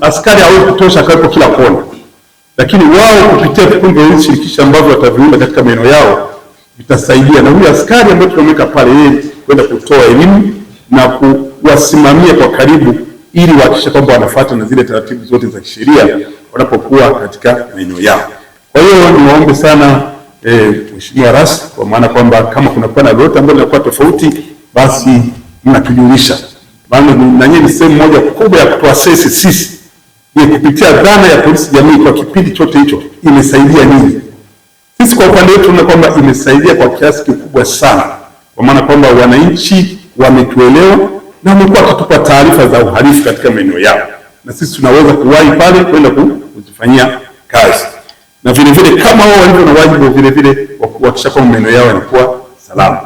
askari hawezi kutosha akawepo kila kona, lakini wao kupitia vikundi vya shirikisha ambavyo wataviunda katika maeneo yao vitasaidia, na huyu askari ambaye tunamweka pale, yeye kwenda kutoa elimu na kuwasimamia kwa karibu, ili wahakikishe kwamba wanafuata na zile taratibu zote za kisheria wanapokuwa katika maeneo yao. Kwa hiyo niwaombe sana eh, Mheshimiwa Ras, kwa maana kwamba kama kunakuwa na lolote ambalo linakuwa tofauti, basi mnatujulisha, maana na nyinyi ni sehemu moja kubwa ya kutuasesi sisi ni kupitia dhana ya polisi jamii kwa kipindi chote hicho imesaidia nini? Sisi kwa upande wetu tunaona kwamba imesaidia kwa kiasi kikubwa sana, kwa maana kwamba wananchi wametuelewa na wamekuwa wakitupa taarifa za uhalifu katika maeneo yao, na sisi tunaweza kuwahi pale kwenda kuzifanyia kazi, na vile vile kama wao walivyo na wajibu vile vile wa kuhakikisha kwamba maeneo yao yanakuwa salama.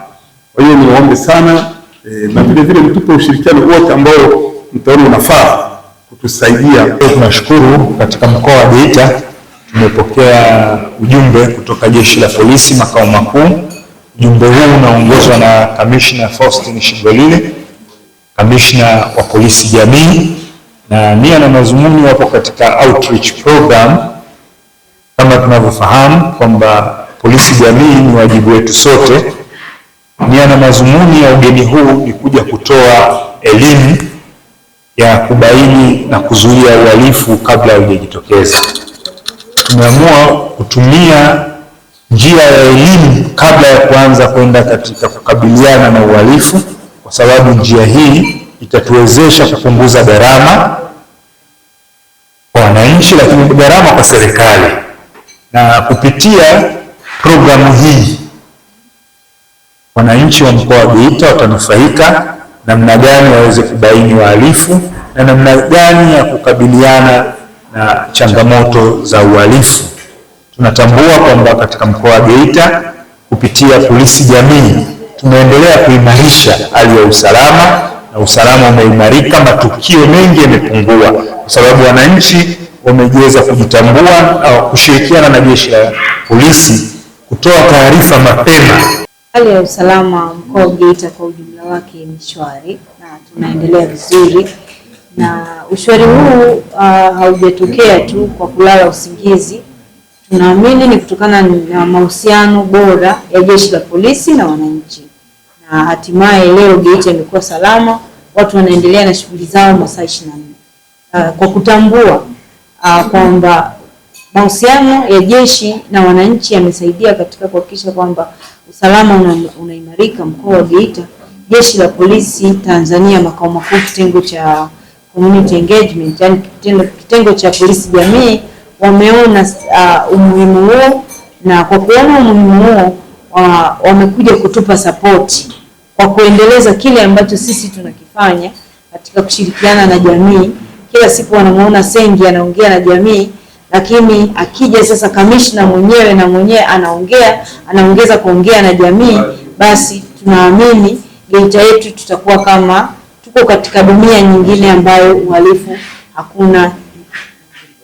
Kwa hiyo niwaombe sana e, na vile vile mtupe ushirikiano wote ambao mtaona unafaa kutusaidia. Tunashukuru katika mkoa wa Geita tumepokea ujumbe kutoka jeshi la polisi makao makuu. Ujumbe huu unaongozwa na Kamishna Faustin Shigolile, kamishna wa polisi jamii, na nia na mazumuni wapo katika outreach program. Kama tunavyofahamu kwamba polisi jamii ni wajibu wetu sote, nia na mazumuni ya ugeni huu ni kuja kutoa elimu ya kubaini na kuzuia uhalifu kabla haujajitokeza. Tumeamua kutumia njia ya elimu kabla ya kuanza kwenda katika kukabiliana na uhalifu, kwa sababu njia hii itatuwezesha kupunguza gharama kwa wananchi, lakini gharama kwa serikali. Na kupitia programu hii wananchi wa mkoa wa Geita watanufaika namna gani waweze kubaini wahalifu na namna gani ya kukabiliana na changamoto za uhalifu. Tunatambua kwamba katika mkoa wa Geita kupitia polisi jamii tumeendelea kuimarisha hali ya usalama na usalama umeimarika, matukio mengi yamepungua kwa sababu wananchi wamejiweza kujitambua au kushirikiana na jeshi la polisi kutoa taarifa mapema. Hali ya usalama mkoa wa Geita kwa ujumla wake ni shwari na tunaendelea vizuri, na ushwari huu uh, haujatokea tu kwa kulala usingizi. Tunaamini ni kutokana na mahusiano bora ya jeshi la polisi na wananchi, na hatimaye leo Geita imekuwa salama, watu wanaendelea na shughuli zao masaa ishirini na nne uh, kwa kutambua uh, kwamba Mahusiano ya jeshi na wananchi yamesaidia katika kuhakikisha kwamba usalama unaimarika una mkoa wa Geita. Jeshi la Polisi Tanzania makao makuu kitengo cha community engagement, yani kitengo, kitengo cha polisi jamii wameona uh, umuhimu huo, na kwa kuona umuhimu huo uh, wamekuja kutupa sapoti kwa kuendeleza kile ambacho sisi tunakifanya katika kushirikiana na jamii. Kila siku wanamuona Sengi anaongea na jamii lakini akija sasa kamishna mwenyewe na mwenyewe anaongea, anaongeza kuongea na jamii, basi tunaamini Geita yetu tutakuwa kama tuko katika dunia nyingine ambayo uhalifu hakuna.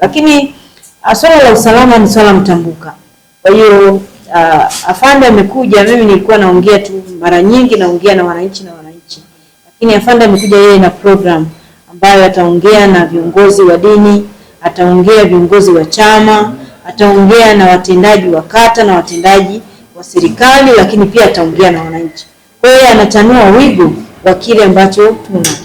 Lakini ah, swala la usalama ni swala mtambuka. Kwa hiyo uh, afande amekuja, mimi nilikuwa naongea tu, mara nyingi naongea na wananchi na wananchi, lakini afande amekuja yeye na program ambayo ataongea na viongozi wa dini ataongea viongozi wa chama, ataongea na watendaji wa kata na watendaji wa serikali, lakini pia ataongea na wananchi. Kwa hiyo anatanua wigo wa kile ambacho tuna